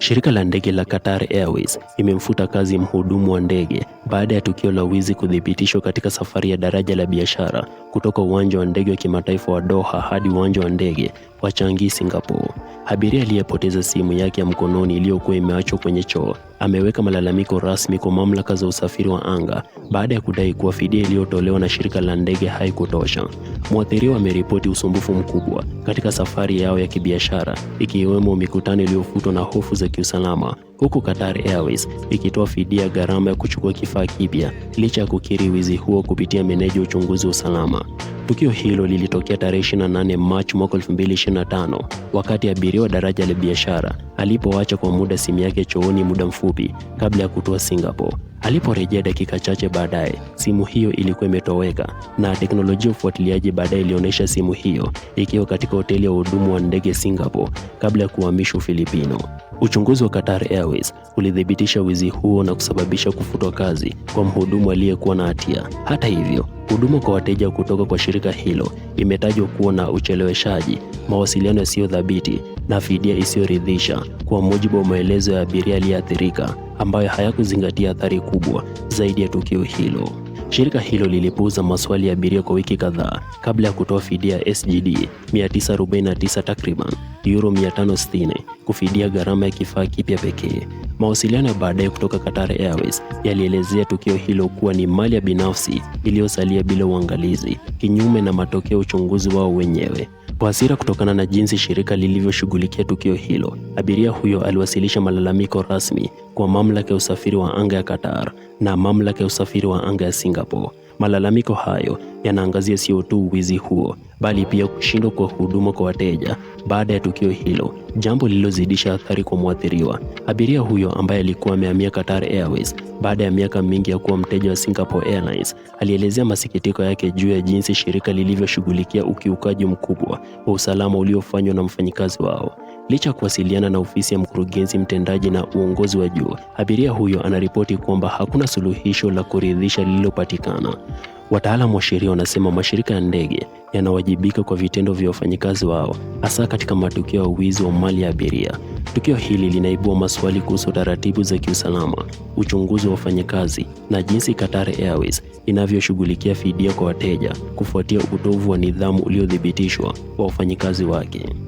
Shirika la ndege la Qatar Airways imemfuta kazi mhudumu wa ndege baada ya tukio la wizi kuthibitishwa katika safari ya daraja la biashara kutoka uwanja wa ndege wa kimataifa wa Doha hadi uwanja wa ndege wa Changi, Singapore. Abiria aliyepoteza simu yake ya mkononi iliyokuwa imeachwa kwenye choo ameweka malalamiko rasmi kwa mamlaka za usafiri wa anga baada ya kudai kuwa fidia iliyotolewa na shirika la ndege haikutosha. Mwathiriwa ameripoti usumbufu mkubwa katika safari yao ya kibiashara, ikiwemo mikutano iliyofutwa na hofu za kiusalama huku Qatar Airways ikitoa fidia ya gharama ya kuchukua kifaa kipya licha ya kukiri wizi huo kupitia meneja uchunguzi wa usalama. Tukio hilo lilitokea tarehe 28 Machi mwaka 2025 wakati abiria wa daraja la biashara alipoacha kwa muda simu yake chooni muda mfupi kabla ya kutua Singapore. Aliporejea dakika chache baadaye, simu hiyo ilikuwa imetoweka, na teknolojia ya ufuatiliaji baadaye ilionyesha simu hiyo ikiwa katika hoteli ya uhudumu wa ndege Singapore kabla ya kuhamishwa Ufilipino. Uchunguzi wa Qatar Airways ulithibitisha wizi huo na kusababisha kufutwa kazi kwa mhudumu aliyekuwa na hatia. Hata hivyo, huduma kwa wateja kutoka kwa shirika hilo imetajwa kuwa na ucheleweshaji, mawasiliano yasiyo thabiti na fidia isiyoridhisha, kwa mujibu wa maelezo ya abiria aliyeathirika, ambayo hayakuzingatia athari kubwa zaidi ya tukio hilo. Shirika hilo lilipuuza maswali ya abiria kwa wiki kadhaa kabla ya kutoa fidia ya SGD 949 takriban euro 560 kufidia gharama ya kifaa kipya pekee. Mawasiliano ya baadaye kutoka Qatar Airways yalielezea tukio hilo kuwa ni mali ya binafsi iliyosalia bila uangalizi, kinyume na matokeo ya uchunguzi wao wenyewe. Kwa hasira kutokana na jinsi shirika lilivyoshughulikia tukio hilo, abiria huyo aliwasilisha malalamiko rasmi kwa mamlaka ya usafiri wa anga ya Qatar na mamlaka ya usafiri wa anga ya Singapore. Malalamiko hayo yanaangazia sio tu wizi huo, bali pia kushindwa kwa huduma kwa wateja baada ya tukio hilo, jambo lililozidisha athari kwa mwathiriwa. Abiria huyo ambaye alikuwa amehamia Qatar Airways baada ya miaka mingi ya kuwa mteja wa Singapore Airlines, alielezea masikitiko yake juu ya jinsi shirika lilivyoshughulikia ukiukaji mkubwa wa usalama uliofanywa na mfanyikazi wao. Licha ya kuwasiliana na ofisi ya mkurugenzi mtendaji na uongozi wa juu, abiria huyo anaripoti kwamba hakuna suluhisho la kuridhisha lililopatikana. Wataalamu wa sheria wanasema mashirika ya ndege yanawajibika kwa vitendo vya wafanyikazi wao, hasa katika matukio ya uwizi wa mali ya abiria. Tukio hili linaibua maswali kuhusu taratibu za kiusalama, uchunguzi wa wafanyakazi na jinsi Qatar Airways inavyoshughulikia fidia kwa wateja kufuatia utovu wa nidhamu uliothibitishwa wa wafanyikazi wake.